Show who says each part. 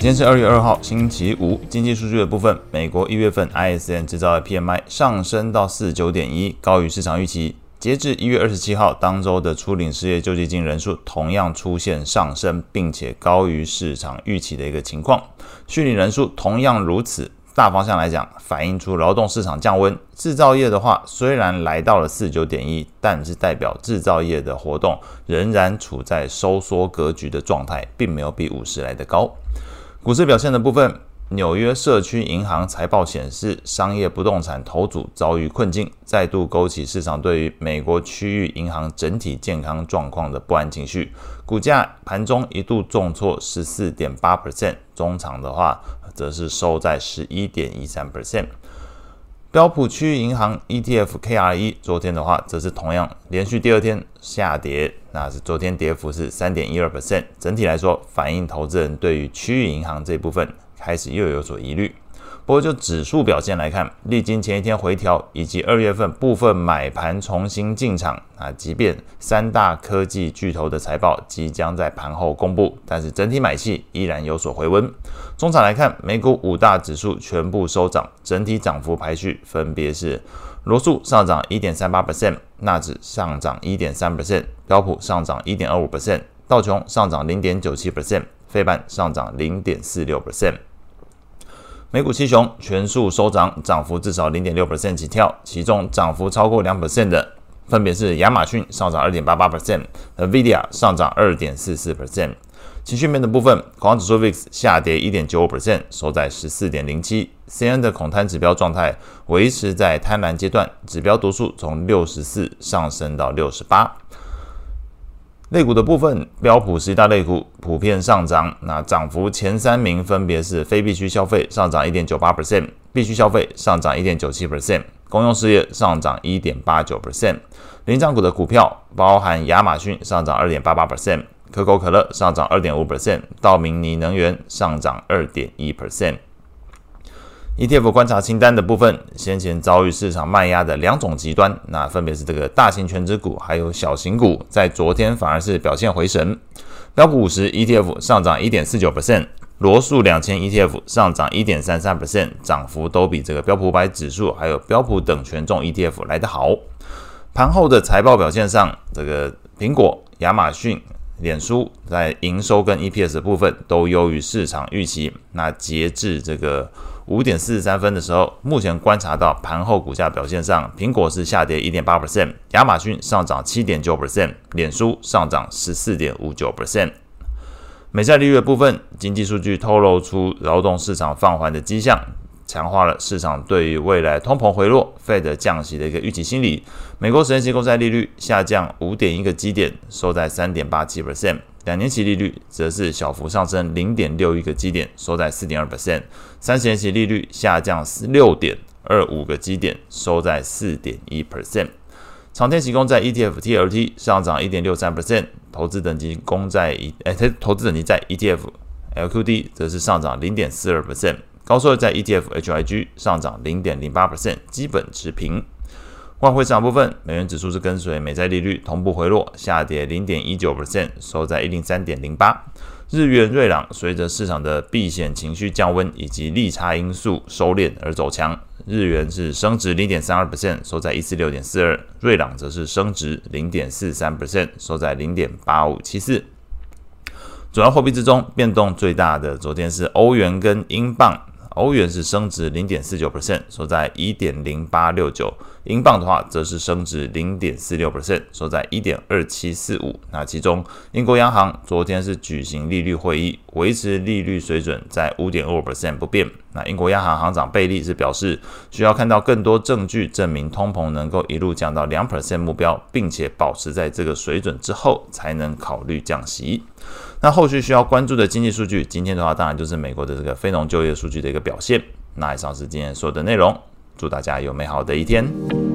Speaker 1: 今天是二月二號星期五，經濟數據的部分，美國一月份 ISM 製造業 PMI 上升到四十九點一，高於市場預期。截至一月二十七號當週的初領失業救濟金人數同樣出現上升，並且高於市場預期的一個情況。續領人數同樣如此。大方向來講，反映出勞動市場降溫。制造業的話，雖然來到了四十九點一，但是代表制造業的活動仍然處在收縮格局的狀態，並沒有比五十來得高。股市表現的部分，紐約社區銀行財報顯示，商業不動產投組遭遇困境，再度勾起市場對於美國區域銀行整體健康狀況的不安情緒。股價盤中一度重挫十四點八 percent，終場的話則是收在十一點一三 percent。標普區域銀行 ETF KRE 昨天的話，則是同樣連續第二天下跌，那是昨天跌幅是三點一二 percent，整體來說反映投資人對於區域銀行這部分開始又有所疑慮。不過就指數表現來看，歷經前一天回調以及二月份部分買盤重新進場，啊，即便三大科技巨頭的財報即將在盤後公布，但是整體買氣依然有所回溫。終場來看，美股五大指數全部收漲，整體漲幅排序分別是：羅素上漲一點三八百分，納指上漲一點三百分，標普上漲一點二五百分，道瓊上漲零點九七百分，費半上漲零點四六百分。美股七雄全數收漲，漲幅至少零點六百分點起跳。其中漲幅超過兩百分點的，分別是亞馬遜上漲二點八八百分點，和 NVIDIA 上漲二點四四百分點。情緒面的部分，恐慌指數 VIX 下跌一點九五百分點，收在十四點零七。CNN 的恐貪指標狀態維持在貪婪階段，指標讀數從六十四上升到六十八。類股的部分，標普十一大類股普遍上漲，那漲幅前三名分別是非必需消費上漲一點九八 percent，必需消費上漲一點九七 percent，公用事業上漲一點八九 percent。領漲股的股票包含亞馬遜上漲二點八八 percent，可口可樂上漲二點五 percent，道明尼能源上漲二點一 percent。ETF 觀察清單的部分，先前遭遇市場賣壓的兩種極端，那分別是這個大型權值股還有小型股，在昨天反而是表現回神。標普五十 ETF 上漲一點四九%，羅素兩千 ETF 上漲一點三三%，漲幅都比這個標普五百指數還有標普等權重 ETF 來得好。盤後的財報表現上，這個蘋果、亞馬遜。臉書在營收跟 EPS 的部分都優於市場預期。那截至這個五點四十三分的時候，目前觀察到盤後股價表現上，蘋果是下跌一點八 percent，亞馬遜上漲七點九 percent，臉書上漲十四點五九 percent。美債利率的部分，經濟數據透露出勞動市場放緩的跡象。強化了市場對於未來通膨回落、Fed 的降息的一個預期心理。美國十年期公債利率下降五點一個基點，收在三點八七 percent；兩年期利率則是小幅上升零點六一個基點，收在四點二 percent；三十年期利率下降六點二五個基點，收在四點一 percent。長天期公債 ETF TLT 上漲一點六三 percent，投資等級公債、哎、投資等級債 ETF LQD 則是上漲零點四二 percent。高收益在 ETF HYG 上漲零點零八 percent，基本持平。外匯市場部分，美元指數是跟隨美債利率同步回落，下跌零點一九 percent，收在一零三點零八。日元、瑞郎隨着市場的避險情緒降溫以及利差因素收斂而走強，日元是升值零點三二 percent，收在一四六點四二；瑞郎則是升值零點四三 percent，收在零點八五七四。主要貨幣之中變動最大的，昨天是歐元跟英鎊。歐元是升值零點四九 percent，收在一點零八六九，英鎊的話，則是升值零點四六 percent，收在一點二七四五。那其中，英國央行昨天是舉行利率會議，維持利率水準在五點二五 percent 不變。那英國央行行長貝利是表示，需要看到更多證據證明通膨能夠一路降到兩 percent 目標，並且保持在這個水準之後，才能考慮降息。那後續需要關注的經濟數據，今天的話當然就是美國的這個非農就業數據的一個表現。那以上是今天所有的內容，祝大家有美好的一天。